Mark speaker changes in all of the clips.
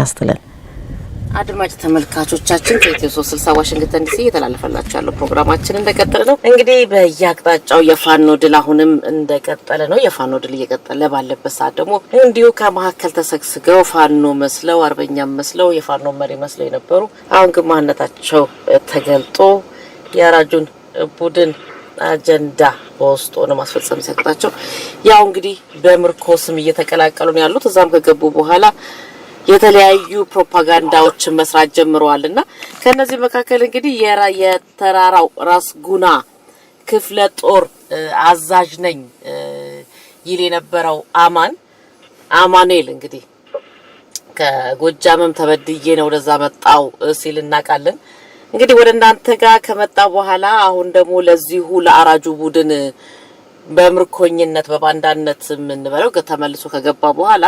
Speaker 1: ጤናን አስትለን አድማጭ ተመልካቾቻችን ከኢትዮ ሶስት ስልሳ ዋሽንግተን ዲሲ እየተላለፈላችሁ ያለው ፕሮግራማችን እንደቀጠለ ነው። እንግዲህ በየአቅጣጫው የፋኖ ድል አሁንም እንደቀጠለ ነው። የፋኖ ድል እየቀጠለ ባለበት ሰዓት ደግሞ እንዲሁ ከመካከል ተሰግስገው ፋኖ መስለው አርበኛም መስለው የፋኖ መሪ መስለው የነበሩ አሁን ግን ማንነታቸው ተገልጦ የአራጁን ቡድን አጀንዳ በውስጡ ነ ማስፈጸም ሲያቅጣቸው ያው እንግዲህ በምርኮ ስም እየተቀላቀሉ ነው ያሉት። እዛም ከገቡ በኋላ የተለያዩ ፕሮፓጋንዳዎችን መስራት ጀምረዋል እና ከነዚህ መካከል እንግዲህ የተራራው ራስ ጉና ክፍለ ጦር አዛዥ ነኝ ይል የነበረው አማን አማኑኤል እንግዲህ ከጎጃምም ተበድዬ ነው ወደዛ መጣው ሲል እናውቃለን። እንግዲህ ወደ እናንተ ጋር ከመጣ በኋላ አሁን ደግሞ ለዚሁ ለአራጁ ቡድን በምርኮኝነት በባንዳነት የምንበለው ተመልሶ ከገባ በኋላ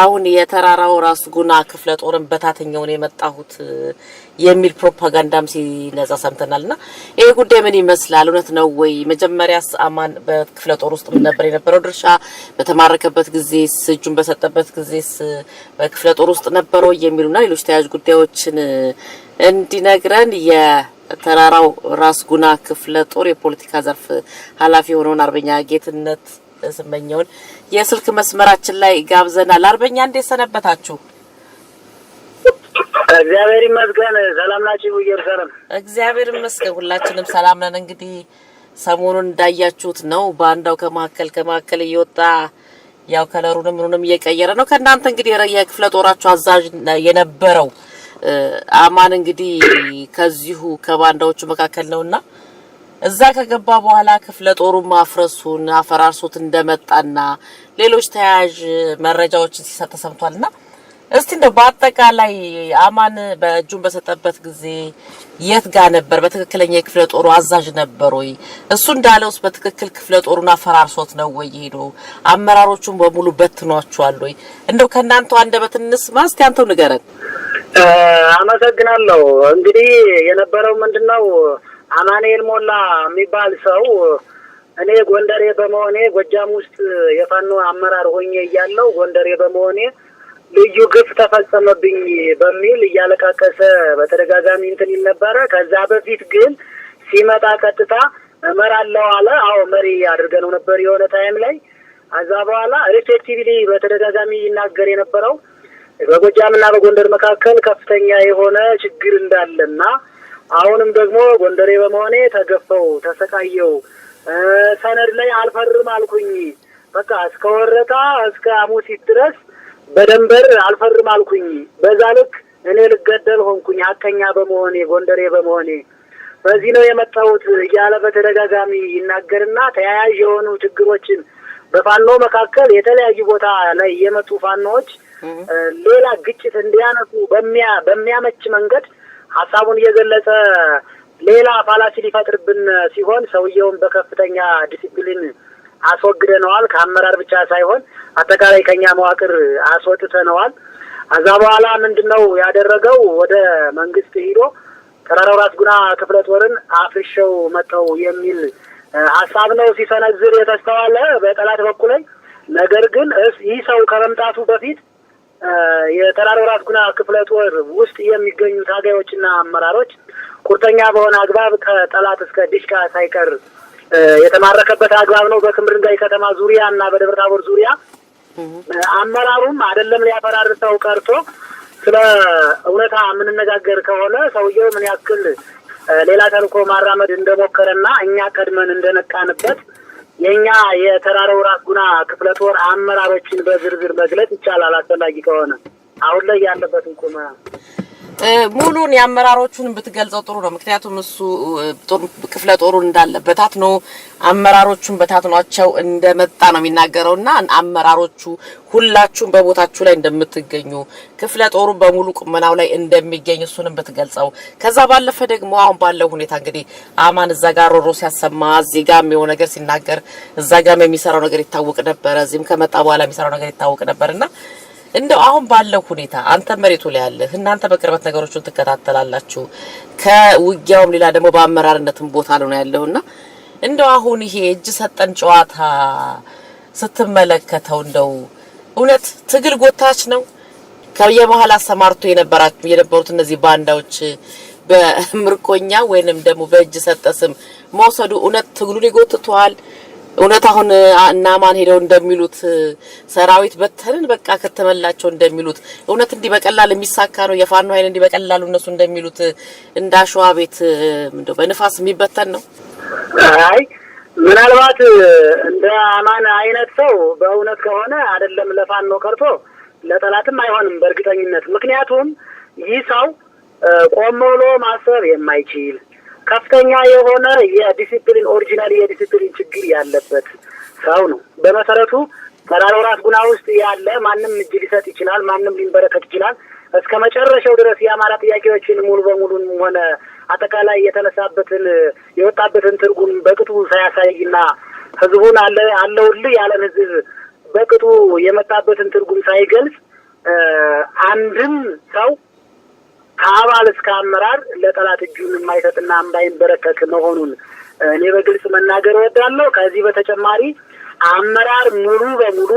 Speaker 1: አሁን የተራራው ራስ ጉና ክፍለ ጦርን በታተኛውን የመጣሁት የሚል ፕሮፓጋንዳም ሲነዛ ሰምተናልና ይህ ጉዳይ ምን ይመስላል? እውነት ነው ወይ? መጀመሪያ አማን በክፍለ ጦር ውስጥ ምን ነበር የነበረው ድርሻ? በተማረከበት ጊዜስ፣ እጁን በሰጠበት ጊዜስ በክፍለ ጦር ውስጥ ነበረው የሚሉና ሌሎች ተያያዥ ጉዳዮችን እንዲነግረን የተራራው ራስ ጉና ክፍለ ጦር የፖለቲካ ዘርፍ ኃላፊ የሆነውን አርበኛ ጌትነት ስመኘውን የስልክ መስመራችን ላይ ጋብዘናል። አርበኛ እንዴት ሰነበታችሁ?
Speaker 2: እግዚአብሔር ይመስገን። ሰላም ናችሁ? ኢየሩሳሌም
Speaker 1: እግዚአብሔር ይመስገን። ሁላችንም ሰላም ነን። እንግዲህ ሰሞኑን እንዳያችሁት ነው በአንዳው ከመካከል ከመካከል እየወጣ ያው ከለሩንም ምኑንም እየቀየረ ነው። ከእናንተ እንግዲህ የክፍለ ጦራችሁ አዛዥ የነበረው አማን እንግዲህ ከዚሁ ከባንዳዎቹ መካከል ነውና እዛ ከገባ በኋላ ክፍለ ጦሩ ማፍረሱን አፈራርሶት እንደመጣና ሌሎች ተያያዥ መረጃዎችን ሲሰጥ ተሰምቷልና እስቲ እንደው በአጠቃላይ አማን በእጁን በሰጠበት ጊዜ የት ጋር ነበር? በትክክለኛ የክፍለ ጦሩ አዛዥ ነበር ወይ? እሱ ውስጥ በትክክል ክፍለ ጦሩን አፈራርሶት ነው ወይ ሄዶ? አመራሮቹን በሙሉ በትኗቸዋል ወይ? እንደው ከእናንተው አንደበት እንስማ እስቲ፣ አንተው ንገረን።
Speaker 2: አመሰግናለሁ። እንግዲህ የነበረው ምንድነው አማኑኤል ሞላ የሚባል ሰው እኔ ጎንደሬ በመሆኔ ጎጃም ውስጥ የፋኖ አመራር ሆኜ እያለው ጎንደሬ በመሆኔ ልዩ ግፍ ተፈጸመብኝ በሚል እያለቃቀሰ በተደጋጋሚ እንትን ይል ነበረ። ከዛ በፊት ግን ሲመጣ ቀጥታ እመራለሁ አለ። አዎ መሪ አድርገነው ነበር የሆነ ታይም ላይ። ከዛ በኋላ ሪፌክቲቪሊ በተደጋጋሚ ይናገር የነበረው በጎጃምና በጎንደር መካከል ከፍተኛ የሆነ ችግር እንዳለና አሁንም ደግሞ ጎንደሬ በመሆኔ ተገፈው ተሰቃየው ሰነድ ላይ አልፈርም አልኩኝ። በቃ እስከ ወረታ እስከ አሙሲት ድረስ በደንበር አልፈርም አልኩኝ። በዛ ልክ እኔ ልገደል ሆንኩኝ፣ ሀቀኛ በመሆኔ ጎንደሬ በመሆኔ በዚህ ነው የመጣሁት እያለ በተደጋጋሚ ይናገርና ተያያዥ የሆኑ ችግሮችን በፋኖ መካከል የተለያዩ ቦታ ላይ የመጡ ፋኖዎች ሌላ ግጭት እንዲያነሱ በሚያመች መንገድ ሀሳቡን እየገለጸ ሌላ ፋላሲ ሊፈጥርብን ሲሆን ሰውየውን በከፍተኛ ዲሲፕሊን አስወግደነዋል። ከአመራር ብቻ ሳይሆን አጠቃላይ ከኛ መዋቅር አስወጥተነዋል። ከዛ በኋላ ምንድን ነው ያደረገው? ወደ መንግስት ሂዶ ተራራው ራስ ጉና ክፍለ ጦርን አፍርሸው መተው የሚል ሀሳብ ነው ሲሰነዝር የተስተዋለ በጠላት በኩል ላይ ነገር ግን ይህ ሰው ከመምጣቱ በፊት የተራሮ ራስ ጉና ክፍለ ጦር ውስጥ የሚገኙ ታጋዮችና አመራሮች ቁርጠኛ በሆነ አግባብ ከጠላት እስከ ዲሽካ ሳይቀር የተማረከበት አግባብ ነው። በክምር ድንጋይ ከተማ ዙሪያ እና በደብረ ታቦር ዙሪያ አመራሩም አይደለም ሊያፈራርሰው ቀርቶ ስለ እውነታ የምንነጋገር ከሆነ ሰውየው ምን ያክል ሌላ ተልእኮ ማራመድ እንደሞከረና እኛ ቀድመን እንደነቃንበት የእኛ የተራራው ራስ ጉና ክፍለ ጦር አመራሮችን በዝርዝር መግለጽ ይቻላል አስፈላጊ ከሆነ አሁን ላይ ያለበትን ቁመና ሙሉን የአመራሮቹን ብትገልጸው ጥሩ ነው። ምክንያቱም እሱ ክፍለ ጦሩን እንዳለ በታትኖ አመራሮቹን በታትኗቸው እንደመጣ ነው የሚናገረውና አመራሮቹ ሁላችሁም በቦታችሁ ላይ እንደምትገኙ ክፍለ ጦሩ በሙሉ ቁመናው ላይ እንደሚገኝ እሱንም ብትገልጸው። ከዛ ባለፈ ደግሞ አሁን ባለው ሁኔታ እንግዲህ አማን እዛ ጋር ሮሮ ሲያሰማ እዚህ ጋር የሆነ ነገር ሲናገር እዛ ጋርም የሚሰራው ነገር ይታወቅ ነበረ። እዚህም ከመጣ በኋላ የሚሰራው ነገር ይታወቅ ነበርና እንደው አሁን ባለው ሁኔታ አንተ መሬቱ ላይ ያለህ እናንተ በቅርበት ነገሮችን ትከታተላላችሁ፣ ከውጊያውም ሌላ ደግሞ በአመራርነትም ቦታ ላይ ነው ያለውና እንደው አሁን ይሄ እጅ ሰጠን ጨዋታ ስትመለከተው እንደው እውነት ትግል ጎታች ነው? ከየመሀል አሰማርቶ የነበራችሁ የነበሩት እነዚህ ባንዳዎች በምርኮኛ ወይንም ደግሞ በእጅ ሰጠ ስም መውሰዱ እውነት ትግሉን ይጎትተዋል? እውነት አሁን እና ሄደው እንደሚሉት ሰራዊት በተንን በቃ ከተመላቸው እንደሚሉት እውነት እንዲህ በቀላል የሚሳካ ነው የፋኖ ኃይል እንዲህ በቀላሉ እነሱ እንደሚሉት እንዳሸዋ ቤት እንደው በንፋስ የሚበተን ነው? አይ ምናልባት እንደ አማን አይነት ሰው በእውነት ከሆነ አይደለም ለፋኖ ቀርቶ ለጠላትም አይሆንም በእርግጠኝነት። ምክንያቱም ይህ ሰው ቆም ብሎ ማሰብ የማይችል ከፍተኛ የሆነ የዲሲፕሊን ኦሪጂናል የዲሲፕሊን ችግር ያለበት ሰው ነው። በመሰረቱ ተራሮ ራስ ጉና ውስጥ ያለ ማንም እጅ ሊሰጥ ይችላል፣ ማንም ሊንበረከት ይችላል። እስከ መጨረሻው ድረስ የአማራ ጥያቄዎችን ሙሉ በሙሉ ሆነ አጠቃላይ የተነሳበትን የወጣበትን ትርጉም በቅጡ ሳያሳይና ህዝቡን አለ አለውል ያለን ህዝብ በቅጡ የመጣበትን ትርጉም ሳይገልጽ አንድም ሰው ከአባል እስከ አመራር ለጠላት እጁን የማይሰጥና እንዳይንበረከክ መሆኑን እኔ በግልጽ መናገር እወዳለሁ። ከዚህ በተጨማሪ አመራር ሙሉ በሙሉ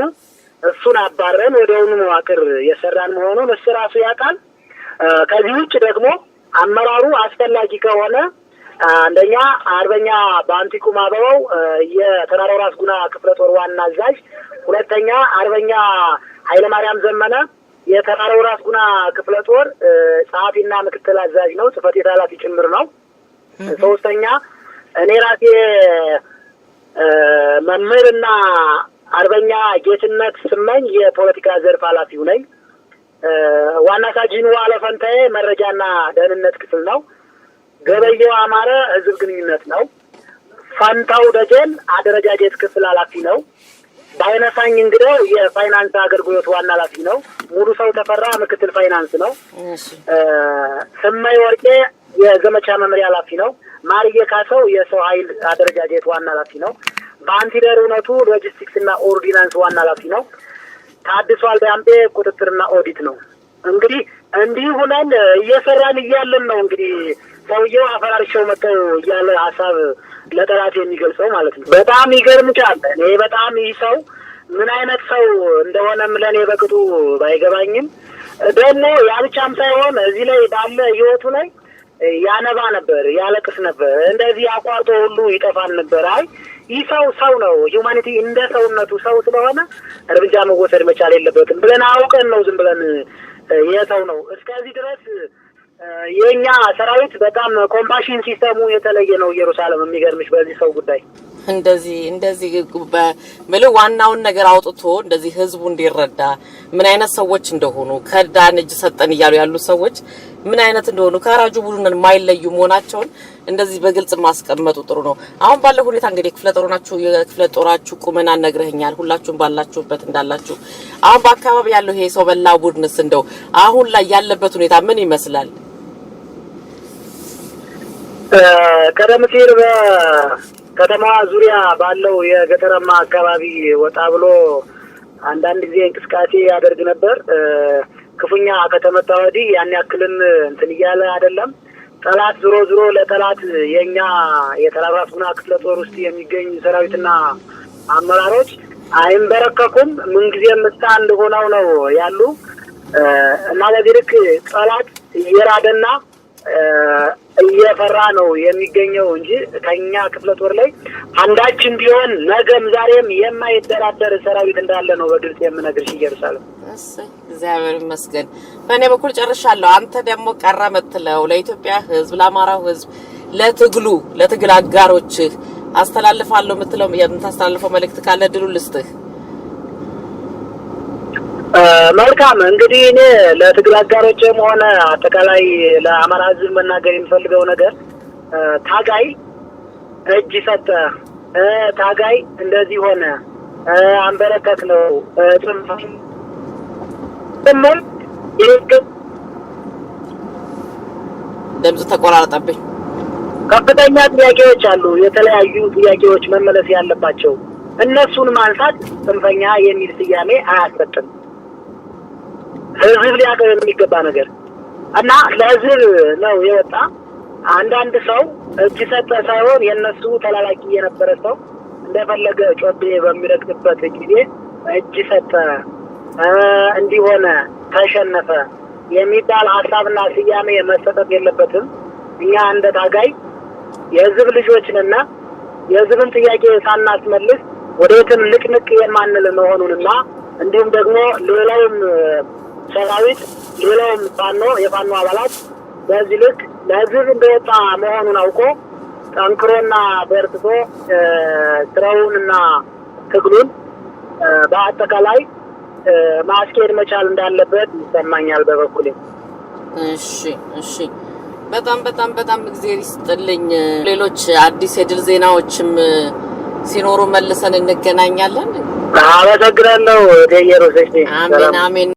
Speaker 2: እሱን አባረን ወደውኑ መዋቅር የሰራን መሆኑን እሱ ራሱ ያውቃል። ከዚህ ውጭ ደግሞ አመራሩ አስፈላጊ ከሆነ አንደኛ አርበኛ በአንቲኩም አበባው የተራራው ራስ ጉና ክፍለ ጦር ዋና አዛዥ፣ ሁለተኛ አርበኛ ኃይለማርያም ዘመነ የተራራው ራስ ጉና ክፍለ ጦር ጸሐፊና ምክትል አዛዥ ነው፣ ጽህፈት ቤት ኃላፊ ጭምር ነው። ሶስተኛ እኔ ራሴ መምህርና አርበኛ ጌትነት ስመኝ የፖለቲካ ዘርፍ ኃላፊው ነኝ። ዋና ሳጂኑ አለፈንታዬ መረጃና ደህንነት ክፍል ነው። ገበየው አማረ ህዝብ ግንኙነት ነው። ፈንታው ደጀን አደረጃጀት ክፍል ኃላፊ ነው። በኃይለሳኝ እንግዲህ የፋይናንስ አገልግሎት ዋና ኃላፊ ነው። ሙሉ ሰው ተፈራ ምክትል ፋይናንስ ነው። ስማይ ወርቄ የዘመቻ መምሪያ ኃላፊ ነው። ማርዬ ካሰው የሰው ኃይል አደረጃጀት ዋና ኃላፊ ነው። በአንቲደር እውነቱ ሎጂስቲክስ እና ኦርዲናንስ ዋና ኃላፊ ነው። ታድሶ አልዳምጤ ቁጥጥርና ኦዲት ነው። እንግዲህ እንዲህ ሁነን እየሰራን እያለን ነው እንግዲህ ሰውየው አፈራርሸው መተው እያለ ሀሳብ ለጠላት የሚገልጸው ማለት ነው። በጣም ይገርምቻል። እኔ በጣም ይህ ሰው ምን አይነት ሰው እንደሆነም ለእኔ በቅጡ ባይገባኝም ደግሞ ያብቻም ሳይሆን እዚህ ላይ ባለ ህይወቱ ላይ ያነባ ነበር፣ ያለቅስ ነበር፣ እንደዚህ አቋርጦ ሁሉ ይጠፋል ነበር። አይ ይህ ሰው ሰው ነው፣ ሁማኒቲ እንደ ሰውነቱ ሰው ስለሆነ እርምጃ መወሰድ መቻል የለበትም ብለን አውቀን ነው ዝም ብለን የሰው ነው እስከዚህ ድረስ የእኛ ሰራዊት በጣም ኮምፓሽን ሲስተሙ የተለየ ነው። ኢየሩሳሌም የሚገርምሽ በዚህ ሰው ጉዳይ እንደዚህ እንደዚህ በምል ዋናውን ነገር አውጥቶ እንደዚህ ህዝቡ እንዲረዳ ምን አይነት ሰዎች እንደሆኑ ከዳን እጅ ሰጠን እያሉ ያሉ ሰዎች ምን አይነት እንደሆኑ ከራጁ ቡድን የማይለዩ መሆናቸውን እንደዚህ በግልጽ ማስቀመጡ ጥሩ ነው። አሁን ባለው ሁኔታ እንግዲህ ክፍለ ጦራችሁ የክፍለ ጦራችሁ ቁመና ነግረኸኛል። ሁላችሁም ባላችሁበት እንዳላችሁ አሁን በአካባቢ ያለው ይሄ ሰው በላ ቡድንስ እንደው አሁን ላይ ያለበት ሁኔታ ምን ይመስላል? ቀደም ሲል በከተማ ዙሪያ ባለው የገጠራማ አካባቢ ወጣ ብሎ አንዳንድ ጊዜ እንቅስቃሴ ያደርግ ነበር። ክፉኛ ከተመታ ወዲህ ያን ያክልም እንትን እያለ አይደለም። ጠላት ዞሮ ዞሮ ለጠላት የእኛ የተራራስ ጉና ክፍለ ጦር ውስጥ የሚገኝ ሰራዊትና አመራሮች አይንበረከኩም። ምንጊዜም አንድ እንደሆነው ነው ያሉ እና በዚህ ልክ ጠላት እየራደና እየፈራ ነው የሚገኘው እንጂ ከኛ ክፍለ ጦር ላይ አንዳችን ቢሆን ነገም ዛሬም የማይደራደር ሰራዊት እንዳለ ነው በግልጽ የምነግርሽ። ኢየሩሳሌም እግዚአብሔር ይመስገን። በእኔ በኩል ጨርሻለሁ። አንተ ደግሞ ቀረ ምትለው ለኢትዮጵያ ሕዝብ ለአማራው ሕዝብ ለትግሉ ለትግል አጋሮችህ አስተላልፋለሁ ምትለው የምታስተላልፈው መልእክት ካለ ድሉ ልስጥህ። መልካም እንግዲህ እኔ ለትግል አጋሮችም ሆነ አጠቃላይ ለአማራ ህዝብ መናገር የሚፈልገው ነገር ታጋይ እጅ ሰጠ፣ ታጋይ እንደዚህ ሆነ፣ አንበረከክ ነው ጽምል ድምፅ ተቆራረጠብኝ። ከፍተኛ ጥያቄዎች አሉ፣ የተለያዩ ጥያቄዎች መመለስ ያለባቸው እነሱን ማንሳት ጽንፈኛ የሚል ስያሜ አያሰጥም። ህዝብ ሊያገር የሚገባ ነገር እና ለህዝብ ነው የወጣ። አንዳንድ ሰው እጅ ሰጠ ሳይሆን የእነሱ ተላላኪ የነበረ ሰው እንደፈለገ ጮቤ በሚረግጥበት ጊዜ እጅ ሰጠ እንዲሆነ ተሸነፈ የሚባል ሀሳብና ስያሜ መሰጠት የለበትም። እኛ እንደ ታጋይ የህዝብ ልጆችንና የህዝብን ጥያቄ ሳናስመልስ ወደ የትም ልቅንቅ የማንል መሆኑንና እንዲሁም ደግሞ ሌላውም ሰራዊት፣ ሌላውም ፋኖ የፋኖ አባላት በዚህ ልክ ለህዝብ እንደወጣ መሆኑን አውቆ ጠንክሮና በርትቶ ስራውንና ትግሉን በአጠቃላይ ማስኬድ መቻል እንዳለበት ይሰማኛል በበኩሌ። እሺ እሺ። በጣም በጣም በጣም እግዜር ይስጥልኝ። ሌሎች አዲስ የድል ዜናዎችም ሲኖሩ መልሰን እንገናኛለን። አመሰግናለሁ። ወደ አሜን አሜን።